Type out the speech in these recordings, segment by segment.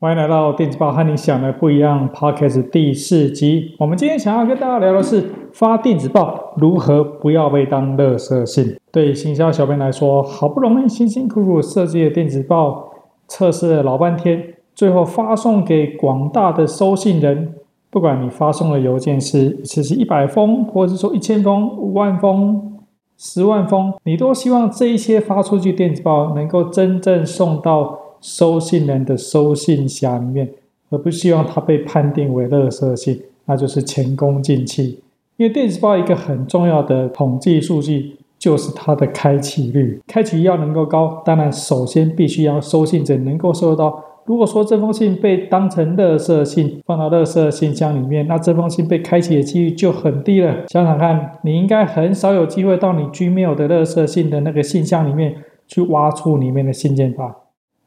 歡迎來到電子報和你想的不一樣 Podcast 第四集。我們今天想要跟大家聊的是發電子報如何不要被當垃圾信。對行銷小編來說，好不容易辛辛苦苦設計的電子報，測試了老半天，最後發送給廣大的收信人。不管你發送的郵件是其實一百封，或者是說一千封、五萬封、十萬封，你都希望這一些發出去電子報能夠真正送到收信人的收信匣裡面，而不希望它被判定為垃圾信，那就是前功盡棄。因為電子報一個很重要的統計數據就是它的開啟率，開啟要能夠高。當然，首先必須要收信者能夠收到。如果說這封信被當成垃圾信放到垃圾信箱裡面，那這封信被開啟的幾率就很低了。想想看，你應該很少有機會到你居 i l 的垃圾信的那個信箱裡面去挖出裡面的信件吧。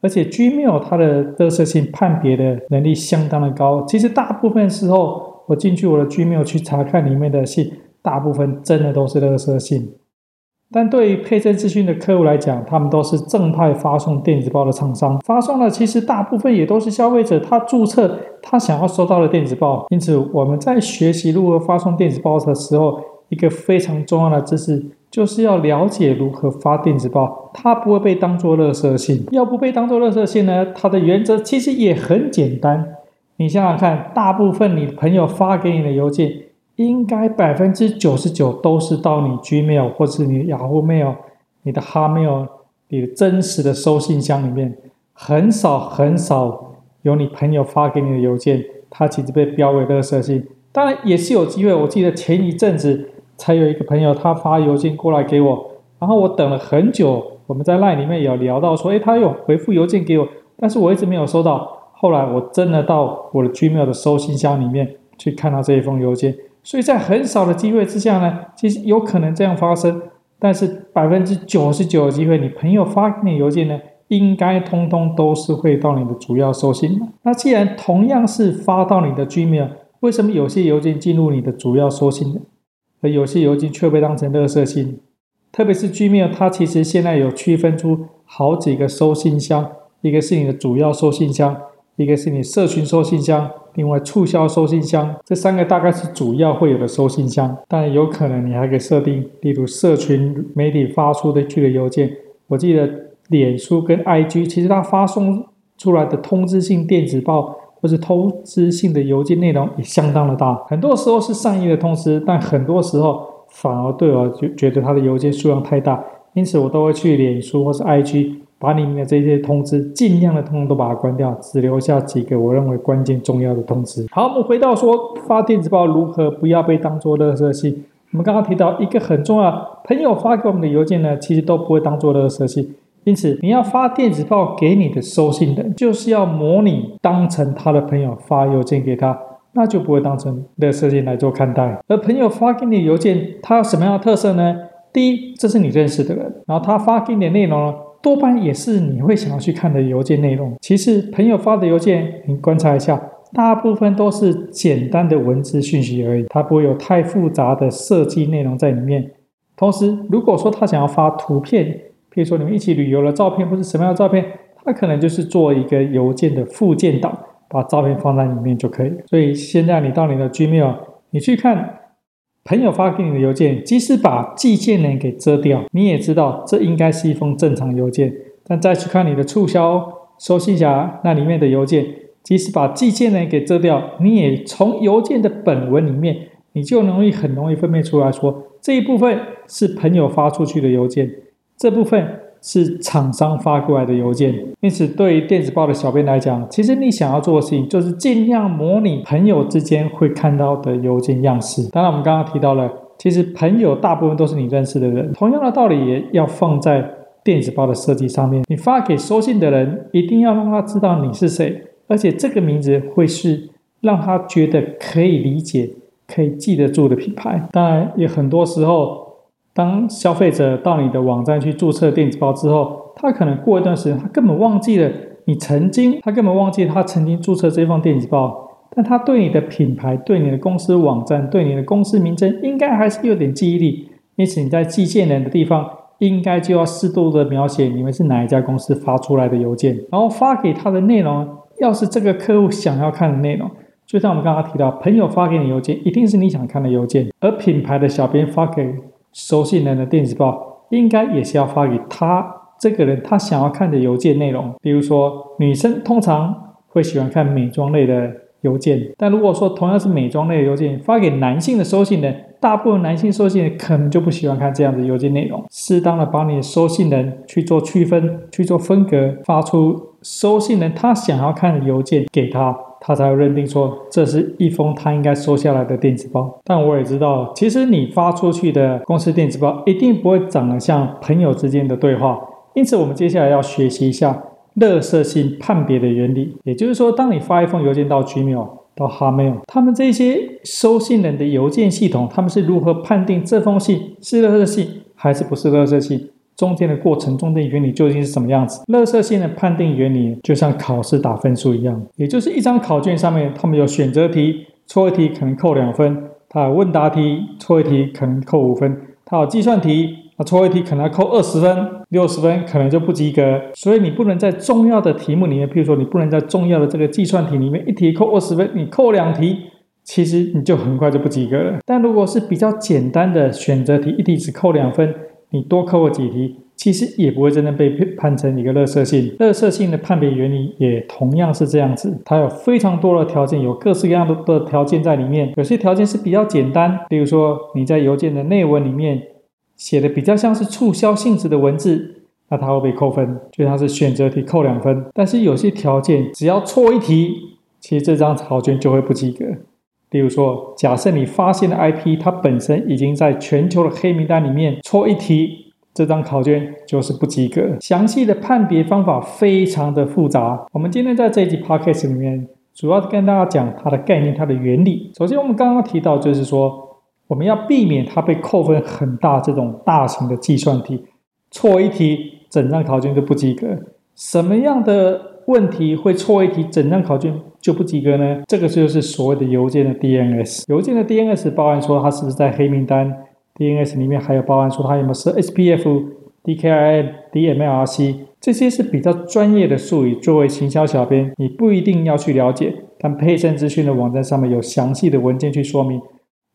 而且 Gmail 它的垃圾信判別的能力相當的高。其實大部分時候，我進去我的 Gmail 去查看裡面的信，大部分真的都是垃圾信。但對於沛盛資訊的客戶來講，他們都是正派發送電子報的廠商，發送的其實大部分也都是消費者他注冊他想要收到的電子報。因此我們在學習如何發送電子報的時候，一個非常重要的知識。就是要了解如何發電子報，它不會被當做垃圾信。要不被當做垃圾信呢？它的原則其實也很簡單。你想想看，大部分你朋友發給你的郵件，應該百分之九十九都是到你 Gmail 或者你 Yahoo Mail、你的哈 Mail、你的 Harmail，你的真實的收信箱裡面，很少很少有你朋友發給你的郵件，它其實被標為垃圾信。當然，也是有機會。我記得前一陣子。還有一個朋友，他發郵件過來給我，然後我等了很久。我們在賴裡面也有聊到說，哎，他有回復郵件給我，但是我一直沒有收到。後來我真的到我的 Gmail 的收信箱裡面去看到這一封郵件。所以在很少的機會之下呢，其實有可能這樣發生。但是百分之九十九的機會，你朋友發給你郵件呢，應該通通都是會到你的主要收信。那既然同樣是發到你的 Gmail，為什麼有些郵件進入你的主要收信呢？而有些郵件卻被當成垃圾信，特別是 Gmail，它其實現在有區分出好幾個收信箱，一個是你的主要收信箱，一個是你社群收信箱，另外促銷收信箱，這三個大概是主要會有的收信箱，當然有可能你還可以設定，例如社群媒體發出的這個郵件，我記得臉書跟 IG，其實它發送出來的通知性電子報，或是投資性的郵件內容也相當的大，很多時候是善意的通知，但很多時候反而對我就覺得他的郵件數量太大，因此我都會去臉書或是 IG 把你們的這些通知盡量的通通都把它關掉，只留下幾個我認為關鍵重要的通知。好，我們回到說發電子報如何不要被當做垃圾信。我們剛剛提到一個很重要，朋友發給我們的郵件呢，其實都不會當做垃圾信。因此，你要發電子報給你的收信人，就是要模擬當成他的朋友發郵件給他，那就不會當成的設計來做看待。而朋友發給你的郵件，它有什麼樣的特色呢？第一，這是你認識的人，然後他發給你的內容呢，多半也是你會想要去看的郵件內容。其次，朋友發的郵件，你觀察一下，大部分都是簡單的文字訊息而已，它不會有太複雜的設計內容在裡面。同時，如果說他想要發圖片，可以說你們一起旅遊的照片，或者什麼樣的照片，它可能就是做一個郵件的附件檔，把照片放在裡面就可以了。所以現在你到你的 Gmail，你去看朋友發給你的郵件，即使把寄件人給遮掉，你也知道這應該是一封正常郵件。但再去看你的促銷收信匣那裡面的郵件，即使把寄件人給遮掉，你也從郵件的本文裡面，你就容易很容易分辨出來說這一部分是朋友發出去的郵件。這部分是廠商發過來的郵件，因此對於電子報的小編來講，其實你想要做的事情就是盡量模擬朋友之間會看到的郵件樣式。當然，我們剛剛提到了，其實朋友大部分都是你認識的人，同樣的道理也要放在電子報的設計上面。你發給收信的人，一定要讓他知道你是誰，而且這個名字會是讓他覺得可以理解、可以記得住的品牌。當然，也很多時候。當消費者到你的網站去注冊電子報之後，他可能過一段時間，他根本忘記了你曾經，他根本忘記他曾經注冊這封電子報，但他對你的品牌、對你的公司網站、對你的公司名稱應該還是有點記憶力，因此你在寄件人的地方應該就要適度的描寫你們是哪一家公司發出來的郵件，然後發給他的內容，要是這個客戶想要看的內容，就像我們剛剛提到，朋友發給你郵件一定是你想看的郵件，而品牌的小編發給。收信人的電子報應該也是要發給他這個人，他想要看的郵件內容，比如說女生通常會喜歡看美妝類的郵件，但如果說同樣是美妝類的郵件發給男性的收信人，大部分男性收信人可能就不喜歡看這樣的郵件內容，適當的把你的收信人去做區分，去做分隔，發出收信人他想要看的郵件給他。他才會認定說，這是一封他應該收下來的電子包。但我也知道，其實你發出去的公司電子包一定不會長得像朋友之間的對話。因此，我們接下來要學習一下樂色信判別的原理。也就是說，當你發一封郵件到 Gmail、到 h a t m a i l 他們這些收信人的郵件系統，他們是如何判定這封信是樂色信還是不是樂色信？中間的過程，中間原理究竟是什麼樣子？垃圾信的判定原理就像考試打分數一樣，也就是一張考卷上面，他們有選擇題，錯一題可能扣兩分；他有問答題，錯一題可能扣五分；他有計算題，啊，錯一題可能要扣二十分，六十分可能就不及格。所以你不能在重要的題目裡面，譬如說你不能在重要的這個計算題裡面，一題扣二十分，你扣兩題，其實你就很快就不及格了。但如果是比較簡單的選擇題，一題只扣兩分。你多扣我幾題，其實也不會真的被判成一個垃圾信。垃圾信的判別原理也同樣是這樣子，它有非常多的條件，有各式各樣的條件在裡面。有些條件是比較簡單，比如說你在郵件的內文裡面寫的比較像是促銷性質的文字，那它會被扣分，就像是選擇題扣兩分。但是有些條件只要錯一題，其實這張考卷就會不及格。比如說，假設你發現的 IP，它本身已經在全球的黑名單裡面，錯一題，這張考卷就是不及格。詳細的判別方法非常的複雜。我們今天在這一集 Podcast 裡面，主要跟大家講它的概念、它的原理。首先，我們剛剛提到，就是說我們要避免它被扣分很大這種大型的計算題，錯一題整張考卷就不及格。什麼樣的問題會錯一題，整張考卷就不及格呢？這個就是所謂的郵件的 DNS。郵件的 DNS 包含說它是不是在黑名單？DNS 裡面還有包含說它有沒有設 SPF、DKIM、DMARC 這些是比較專業的術語。作為行銷小編，你不一定要去了解，但配信資訊的網站上面有詳細的文件去說明。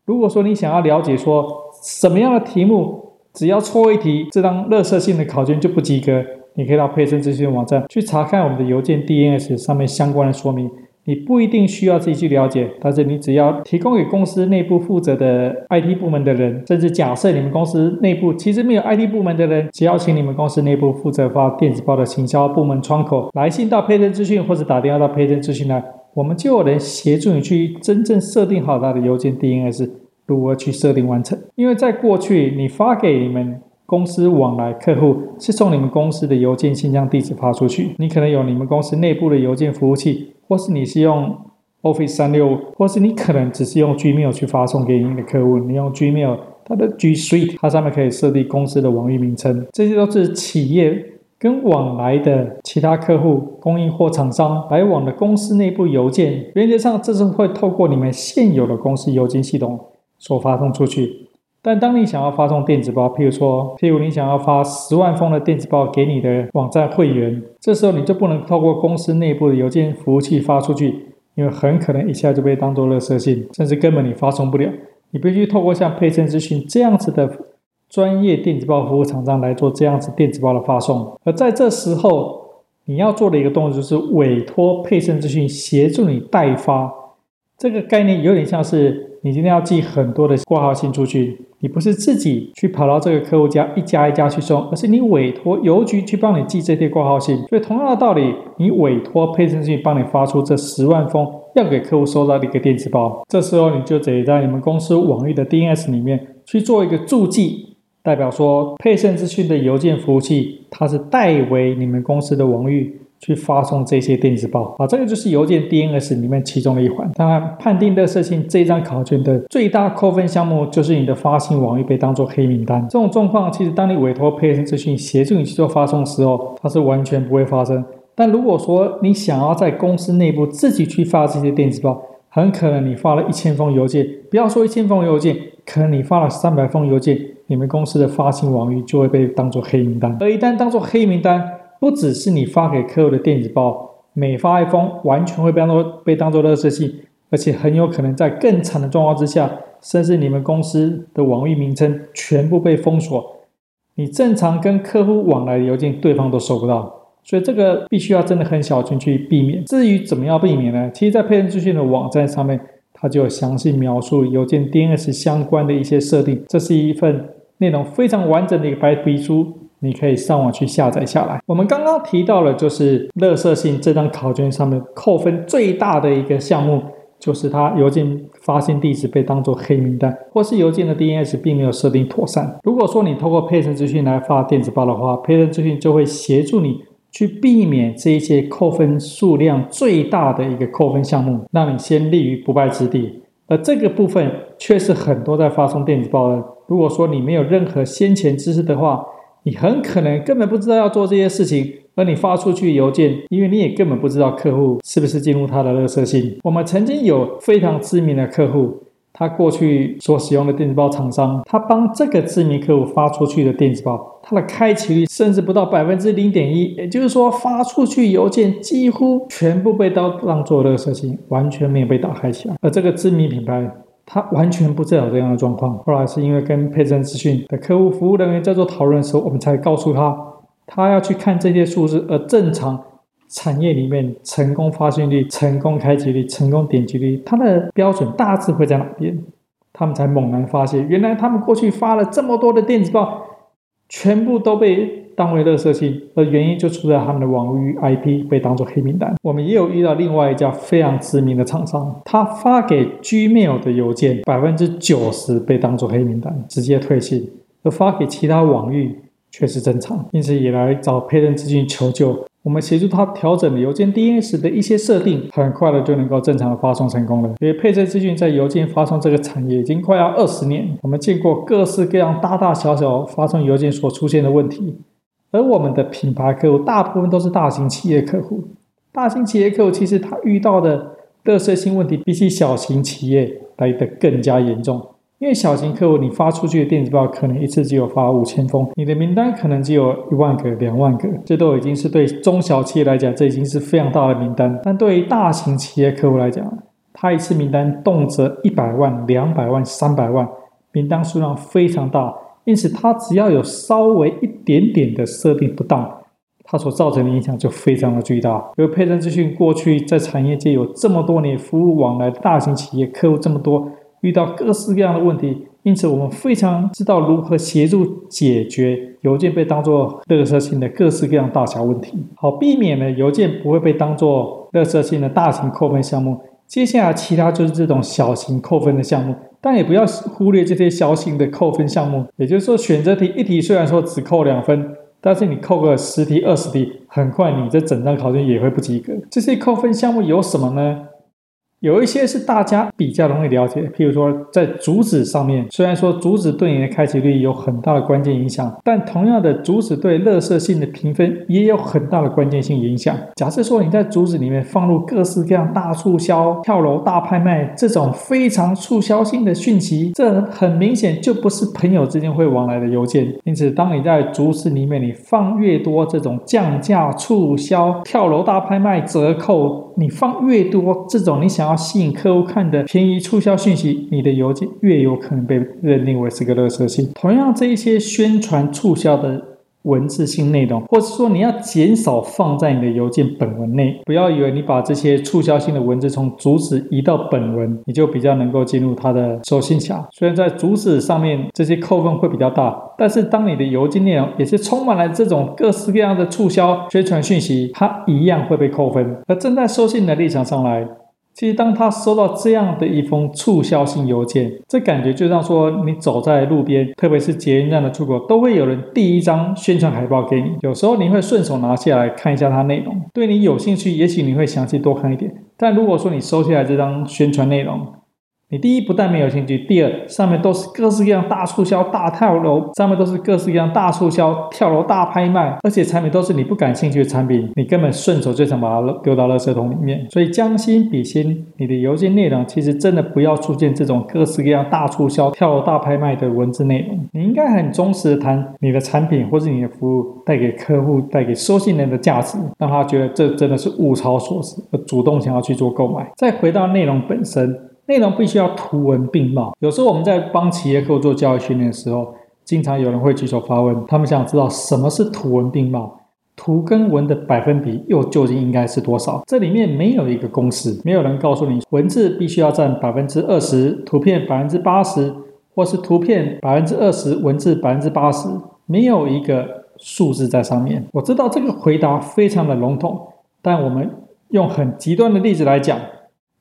如果說你想要了解說什麼樣的題目，只要錯一題，這張垃圾性的考卷就不及格。你可以到佩森資訊網站去查看我們的郵件 DNS 上面相關的說明。你不一定需要自己去了解，但是你只要提供給公司內部負責的 IT 部門的人，甚至假設你們公司內部其實沒有 IT 部門的人，只要請你們公司內部負責發電子報的行銷部門窗口來信到佩森資訊，或者打電話到佩森資訊來，我們就有人協助你去真正設定好它的郵件 DNS 如何去設定完成。因為在過去，你發給你們。公司往來客戶是從你們公司的郵件信箱地址發出去，你可能有你們公司內部的郵件服務器，或是你是用 Office 三六五，或是你可能只是用 Gmail 去發送給你的客戶。你用 Gmail，它的 G Suite 它上面可以設定公司的網域名稱，這些都是企業跟往來的其他客戶、供應或廠商來往的公司內部郵件，原則上這是會透過你們現有的公司郵件系統所發送出去。但當你想要發送電子報，譬如說，譬如你想要發十萬封的電子報給你的網站會員，這時候你就不能透過公司內部的郵件服務器發出去，因為很可能一下就被當作垃圾信，甚至根本你發送不了。你必須透過像配信資訊這樣子的專業電子報服務廠商來做這樣子電子報的發送。而在這時候，你要做的一個動作就是委托配信資訊協助你代發。這個概念有點像是。你今天要寄很多的掛號信出去，你不是自己去跑到這個客戶家一家一家去送，而是你委託郵局去幫你寄這些掛號信。所以同樣的道理，你委託配信資訊幫你發出這十萬封要給客戶收到的一個電子報，這時候你就得在你們公司網域的 DNS 裡面去做一個注記，代表說配信資訊的郵件服務器它是代為你們公司的網域去發送這些電子報啊，這個就是郵件 DNS 裡面其中的一環。當然，判定的事情，這張考卷的最大扣分項目就是你的發信網域被當作黑名單。這種狀況，其實當你委託沛盛資訊協助你去做發送的時候，它是完全不會發生。但如果說你想要在公司內部自己去發這些電子報，很可能你發了一千封郵件，不要說一千封郵件，可能你發了三百封郵件，你們公司的發信網域就會被當作黑名單，而一旦當作黑名單，不只是你發給客戶的電子報，每發一封完全會被當做被當做垃圾信，而且很有可能在更慘的狀況之下，甚至你們公司的網域名稱全部被封鎖，你正常跟客戶往來的郵件對方都收不到。所以這個必須要真的很小心去避免。至於怎麼樣避免呢？其實，在佩恩資訊的網站上面，它就有詳細描述郵件 DNS 相關的一些設定。這是一份內容非常完整的一個白皮書。你可以上網去下載下來。我們剛剛提到了，就是垃圾信這張考卷上面扣分最大的一個項目，就是它郵件發信地址被當作黑名單，或是郵件的 DNS 並沒有設定妥善。如果說你透過沛盛資訊來發電子報的話，沛盛資訊就會協助你去避免這一些扣分數量最大的一個扣分項目，讓你先立於不敗之地。而這個部分確實很多在發送電子報的。如果說你沒有任何先前知識的話，你很可能根本不知道要做這些事情，而你發出去郵件，因為你也根本不知道客戶是不是進入他的垃圾信。我們曾經有非常知名的客戶，他過去所使用的電子報廠商，他幫這個知名客戶發出去的電子報，它的開啟率甚至不到百分之零點一，也就是說發出去郵件幾乎全部被當作垃圾信，完全沒有被打開起來。而這個知名品牌。他完全不知道這樣的狀況。後來是因為跟佩森資訊的客戶服務人員在做討論的時候，我們才告訴他，他要去看這些數字。而正常產業裡面，成功發信率、成功開啟率、成功點擊率，它的標準大致會在哪邊？他們才猛然發現，原來他們過去發了這麼多的電子報，全部都被。單位熱色性，而原因就出在他們的網域 IP 被當作黑名單。我們也有遇到另外一家非常知名的廠商，他發給 Gmail 的郵件百分之九十被當作黑名單，直接退信；而發給其他網域卻是正常。因此也來找沛盛資訊求救，我們協助他調整了郵件 DNS 的一些設定，很快的就能夠正常的發送成功了。因為沛盛資訊在郵件發送這個產業已經快要二十年，我們見過各式各樣大大小小發送郵件所出現的問題。而我們的品牌客戶大部分都是大型企業客戶，大型企業客戶其實他遇到的垃圾信問題，比起小型企業來得更加嚴重。因為小型客戶你發出去的電子報可能一次只有發五千封，你的名單可能只有一萬個、兩萬個，這都已經是對中小企業來講，這已經是非常大的名單。但對於大型企業客戶來講，他一次名單動輒一百萬、兩百萬、三百萬，名單數量非常大。因此，它只要有稍微一點點的設定不當，它所造成的影響就非常的巨大。因為佩森資訊過去在產業界有這麼多年服務往來，大型企業客戶這麼多，遇到各式各樣的問題，因此我們非常知道如何協助解決郵件被當作垃圾信的各式各樣大小問題，好避免了郵件不會被當作垃圾信的大型扣分項目。接下來，其他就是這種小型扣分的項目，但也不要忽略這些小型的扣分項目。也就是說，選擇題一題雖然說只扣兩分，但是你扣個十題、二十題，很快你這整張考卷也會不及格。這些扣分項目有什麼呢？有一些是大家比較容易了解，譬如說在主旨上面，雖然說主旨對你的開啟率有很大的關鍵影響，但同樣的，主旨對垃圾性的評分也有很大的關鍵性影響。假設說你在主旨裡面放入各式各樣大促銷、跳樓大拍賣這種非常促銷性的訊息，這很明顯就不是朋友之間會往來的郵件。因此，當你在主旨裡面你放越多這種降價促銷、跳樓大拍賣折扣，你放越多這種你想。而吸引客戶看的便宜促銷訊息，你的郵件越有可能被認定為是個垃圾信。同樣，這一些宣傳促銷的文字性內容，或是說你要減少放在你的郵件本文內。不要以為你把這些促銷性的文字從主旨移到本文，你就比較能夠進入它的收信匣。雖然在主旨上面這些扣分會比較大，但是當你的郵件內容也是充滿了這種各式各樣的促銷宣傳訊息，它一樣會被扣分。而正在收信的立場上來。其實，當他收到這樣的一封促銷性郵件，這感覺就像說你走在路邊，特別是捷運站的出口，都會有人遞一張宣傳海報給你。有時候你會順手拿下來看一下它內容，對你有興趣，也許你會詳細多看一點。但如果說你收下來這張宣傳內容，你第一不但沒有興趣，第二上面都是各式各樣大促銷、大跳樓，上面都是各式各樣大促銷、跳樓、大拍賣，而且產品都是你不感興趣的產品，你根本順手就想把它丟到垃圾桶裡面。所以將心比心，你的郵件內容其實真的不要出現這種各式各樣大促銷、跳樓、大拍賣的文字內容。你應該很忠實的談你的產品或是你的服務帶給客戶、帶給收信人的價值，讓他覺得這真的是物超所值，而主動想要去做購買。再回到內容本身。內容必須要圖文並茂。有時候我們在幫企業客戶做教育訓練的時候，經常有人會舉手發問，他們想知道什麼是圖文並茂，圖跟文的百分比又究竟應該是多少？這裡面沒有一個公式，沒有人告訴你文字必須要佔百分之二十，圖片百分之八十，或是圖片百分之二十，文字百分之八十，沒有一個數字在上面。我知道這個回答非常的籠統，但我們用很極端的例子來講。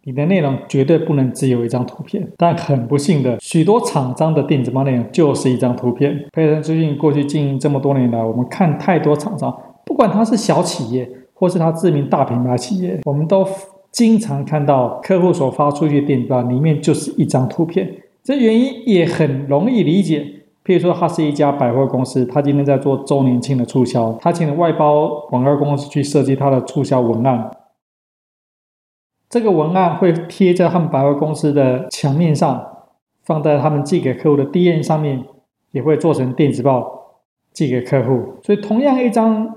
你的內容絕對不能只有一張圖片，但很不幸的，許多廠商的電子報內容就是一張圖片。培森資訊過去經營這麼多年來，我們看太多廠商，不管他是小企業，或是他知名大品牌企業，我們都經常看到客戶所發出去的電子報裡面就是一張圖片。這原因也很容易理解，譬如說他是一家百貨公司，他今天在做週年慶的促銷，他請了外包廣告公司去設計他的促銷文案。這個文案會貼在他們百貨公司的牆面上，放在他們寄給客戶的 DM 上面，也會做成電子報寄給客戶。所以，同樣一張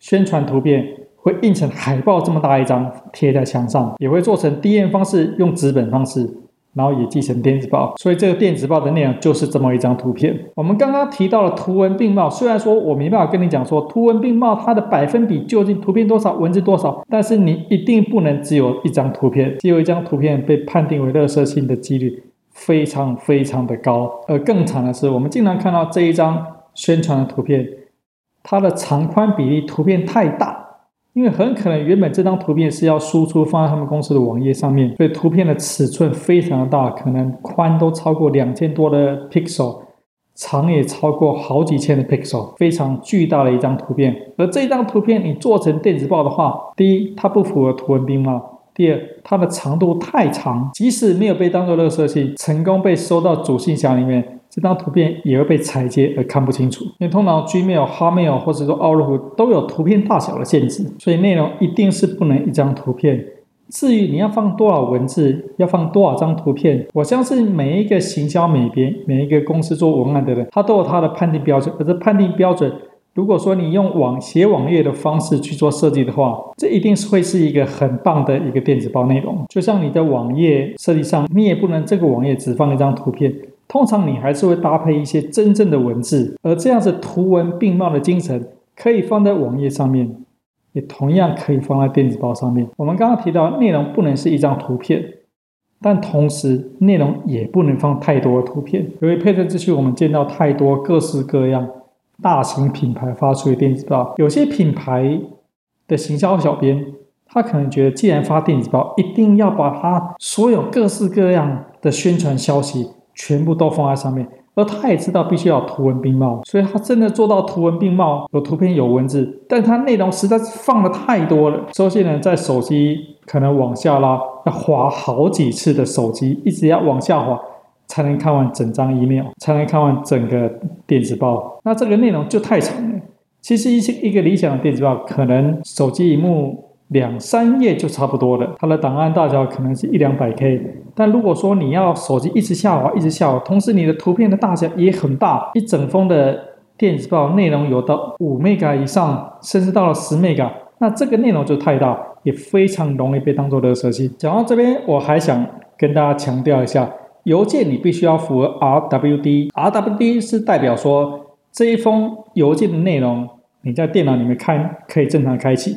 宣傳圖片會印成海報這麼大一張，貼在牆上，也會做成 DM 方式，用紙本方式。然後也寄成電子報，所以這個電子報的內容就是這麼一張圖片。我們剛剛提到了圖文並茂，雖然說我沒辦法跟你講說圖文並茂它的百分比究竟圖片多少，文字多少，但是你一定不能只有一張圖片，只有一張圖片被判定為垃圾信的幾率非常非常的高。而更慘的是，我們經常看到這一張宣傳的圖片，它的長寬比例圖片太大。因為很可能原本這張圖片是要輸出放在他們公司的網頁上面，所以圖片的尺寸非常的大，可能寬都超過兩千多的 pixel，長也超過好幾千的 pixel，非常巨大的一張圖片。而這張圖片，你做成電子報的話，第一它不符合圖文並茂，第二它的長度太長，即使沒有被當做垃圾信，成功被收到主信箱裡面。這張圖片也會被裁切而看不清楚，因為通常 Gmail、Hotmail 或者說 Outlook 都有圖片大小的限制，所以內容一定是不能一張圖片。至於你要放多少文字，要放多少張圖片，我相信每一個行銷、每邊、每一個公司做文案的人，他都有他的判定標準。而這判定標準，如果說你用網寫網頁的方式去做設計的話，這一定是會是一個很棒的一個電子報內容。就像你在網頁設計上，你也不能這個網頁只放一張圖片。通常你還是會搭配一些真正的文字，而這樣子圖文並茂的精神可以放在網頁上面，也同樣可以放在電子報上面。我們剛剛提到內容不能是一張圖片，但同時內容也不能放太多的圖片。由於配置之趣，我們見到太多各式各樣大型品牌發出的電子報，有些品牌的行銷小編他可能覺得，既然發電子報，一定要把它所有各式各樣的宣傳消息。全部都放在上面，而他也知道必須要有圖文並茂，所以他真的做到圖文並茂，有圖片有文字，但他內容實在是放的太多了。收信人在手機可能往下拉，要滑好幾次的手機，一直要往下滑，才能看完整張 email，才能看完整個電子報。那這個內容就太長了。其實一些一個理想的電子報，可能手機熒幕。兩三頁就差不多了，它的檔案大小可能是一兩百 K。但如果說你要手機一直下滑，一直下滑，同時你的圖片的大小也很大，一整封的電子報內容有到五 MB 以上，甚至到了十 MB，那這個內容就太大，也非常容易被當做垃圾信。講到這邊，我還想跟大家強調一下，郵件你必須要符合 RWD，RWD 是代表說這一封郵件的內容你在電腦裡面看可以正常開啟。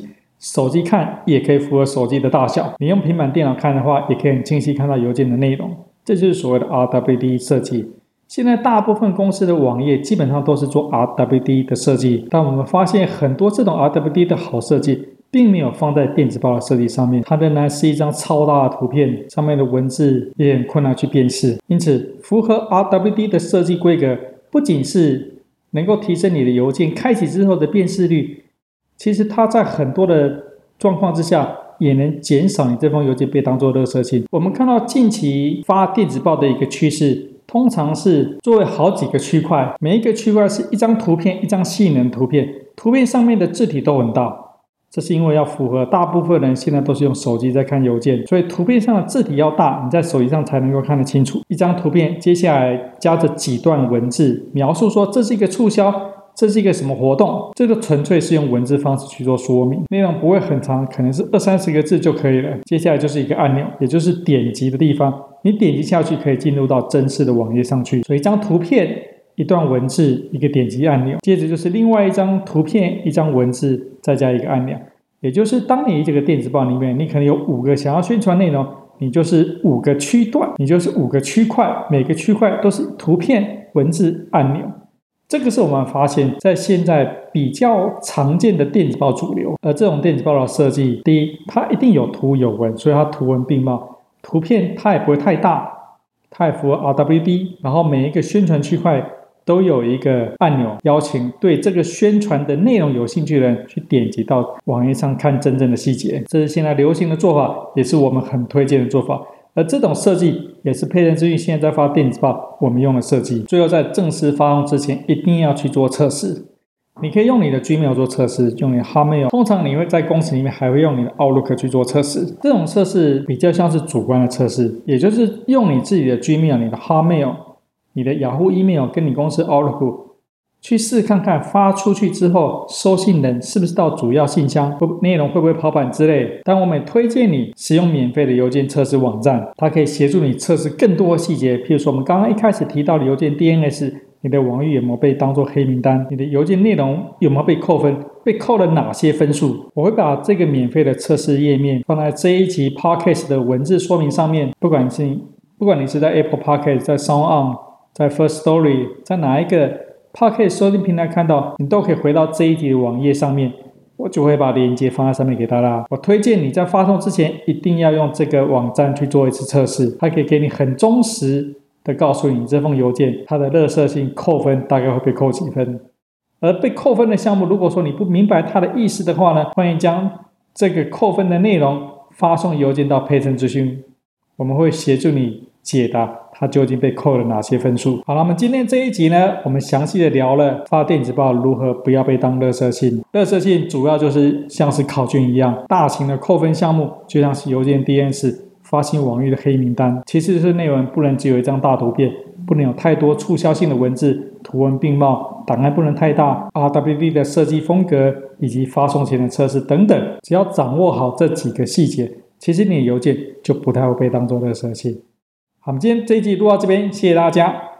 手機看也可以符合手機的大小，你用平板電腦看的話，也可以很清晰看到郵件的內容。這就是所謂的 RWD 設計。現在大部分公司的網頁基本上都是做 RWD 的設計，但我們發現很多這種 RWD 的好設計，並沒有放在電子報的設計上面，它仍然是一張超大的圖片，上面的文字也很困難去辨識。因此，符合 RWD 的設計規格，不僅是能夠提升你的郵件開啟之後的辨識率。其實它在很多的狀況之下，也能減少你這封郵件被當作垃圾信。我們看到近期發電子報的一個趨勢，通常是作為好幾個區塊，每一個區塊是一張圖片，一張吸引人的圖片，圖片上面的字體都很大。這是因為要符合大部分人現在都是用手機在看郵件，所以圖片上的字體要大，你在手機上才能夠看得清楚。一張圖片，接下來加着幾段文字描述說這是一個促銷。這是一個什麼活動？這個純粹是用文字方式去做說明，內容不會很長，可能是二三十個字就可以了。接下來就是一個按鈕，也就是點擊的地方，你點擊下去可以進入到真實的網頁上去。所以一張圖片、一段文字、一個點擊按鈕，接着就是另外一張圖片、一張文字，再加一個按鈕。也就是當你這個電子報裡面，你可能有五個想要宣傳內容，你就是五個區段，你就是五個區塊，每個區塊都是圖片、文字、按鈕。這個是我們發現，在現在比較常見的電子報主流，而這種電子報的設計，第一，它一定有圖有文，所以它圖文並茂；圖片它也不會太大，它也符合 RWD。然後每一個宣傳區塊都有一個按鈕，邀請對這個宣傳的內容有興趣的人去點擊到網頁上看真正的細節。這是現在流行的做法，也是我們很推薦的做法。而這種設計也是佩頓資訊現在，在發電子報我們用的設計。最後在正式發送之前，一定要去做測試。你可以用你的 Gmail 做測試，用你的 Hotmail。通常你會在公司裡面還會用你的 Outlook 去做測試。這種測試比較像是主觀的測試，也就是用你自己的 Gmail、你的 Hotmail、你的雅虎 email 跟你公司 Outlook。去試，試看看發出去之後收信人是不是到主要信箱，內容會不會跑版之類。但我們推薦你使用免費的郵件測試網站，它可以協助你測試更多細節，譬如說我們剛剛一開始提到的郵件 DNS，你的網域有沒有被當作黑名單，你的郵件內容有沒有被扣分，被扣了哪些分數？我會把這個免費的測試頁面放在這一集 Podcast 的文字說明上面，不管你是不管你是在 Apple Podcast、在 SoundOn、在 First Story，在哪一個。它可以收信平台看到，你都可以回到這一集的網頁上面，我就會把鏈接放在上面給大家。我推薦你在發送之前，一定要用這個網站去做一次測試，它可以給你很忠實的告訴你這封郵件它的垃圾性扣分大概會被扣幾分。而被扣分的項目，如果說你不明白它的意思的話呢，歡迎將這個扣分的內容發送郵件到培生資訊，我們會協助你。解答他究竟被扣了哪些分數？好了，我們今天這一集呢，我們詳細的聊了發電子報如何不要被當垃圾信。垃圾信主要就是像是考卷一樣，大型的扣分項目，就像是郵件 DNS 發信網域的黑名單，其次是內文不能只有一張大圖片，不能有太多促銷性的文字，圖文並茂，檔案不能太大，RWD 的設計風格以及發送前的測試等等。只要掌握好這幾個細節，其實你的郵件就不太會被當做垃圾信。好，我們今天這一集錄到這邊，謝謝大家。